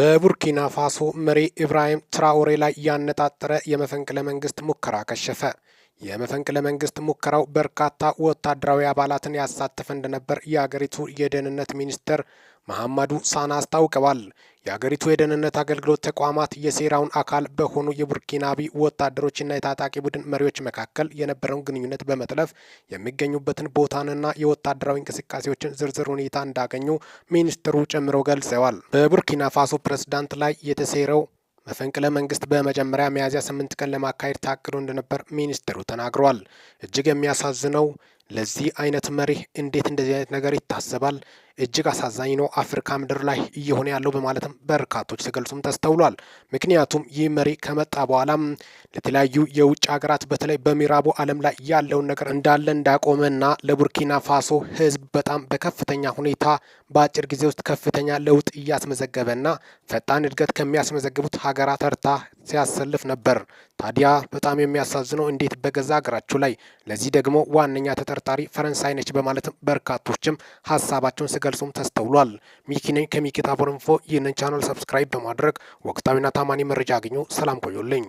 በቡርኪና ፋሶ መሪ ኢብራሂም ትራኦሬ ላይ ያነጣጠረ የመፈንቅለ መንግስት ሙከራ ከሸፈ። የመፈንቅለ መንግስት ሙከራው በርካታ ወታደራዊ አባላትን ያሳተፈ እንደነበር የአገሪቱ የደህንነት ሚኒስትር መሐመዱ ሳና አስታውቀዋል። የአገሪቱ የደህንነት አገልግሎት ተቋማት የሴራውን አካል በሆኑ የቡርኪናቢ ወታደሮችና የታጣቂ ቡድን መሪዎች መካከል የነበረውን ግንኙነት በመጥለፍ የሚገኙበትን ቦታንና የወታደራዊ እንቅስቃሴዎችን ዝርዝር ሁኔታ እንዳገኙ ሚኒስትሩ ጨምረው ገልጸዋል። በቡርኪና ፋሶ ፕሬዝዳንት ላይ የተሴረው መፈንቅለ መንግስት በመጀመሪያ ሚያዝያ ስምንት ቀን ለማካሄድ ታቅዶ እንደነበር ሚኒስትሩ ተናግረዋል። እጅግ የሚያሳዝነው ለዚህ አይነት መሪህ እንዴት እንደዚህ አይነት ነገር ይታሰባል? እጅግ አሳዛኝ ነው አፍሪካ ምድር ላይ እየሆነ ያለው በማለትም በርካቶች ሲገልጹም ተስተውሏል። ምክንያቱም ይህ መሪ ከመጣ በኋላም ለተለያዩ የውጭ ሀገራት በተለይ በምዕራቡ ዓለም ላይ ያለውን ነገር እንዳለ እንዳቆመና ለቡርኪና ፋሶ ህዝብ በጣም በከፍተኛ ሁኔታ በአጭር ጊዜ ውስጥ ከፍተኛ ለውጥ እያስመዘገበና ፈጣን እድገት ከሚያስመዘግቡት ሀገራት ተርታ ሲያሰልፍ ነበር። ታዲያ በጣም የሚያሳዝነው እንዴት በገዛ ሀገራችሁ ላይ ለዚህ ደግሞ ዋነኛ ተጠርጣሪ ፈረንሳይ ነች በማለትም በርካቶችም ሀሳባቸውን ስገ ሲገልጹም ተስተውሏል። ሚኪነኝ ከሚኪታ ቦረንፎ። ይህንን ቻናል ሰብስክራይብ በማድረግ ወቅታዊና ታማኒ መረጃ አግኙ። ሰላም ቆዩልኝ።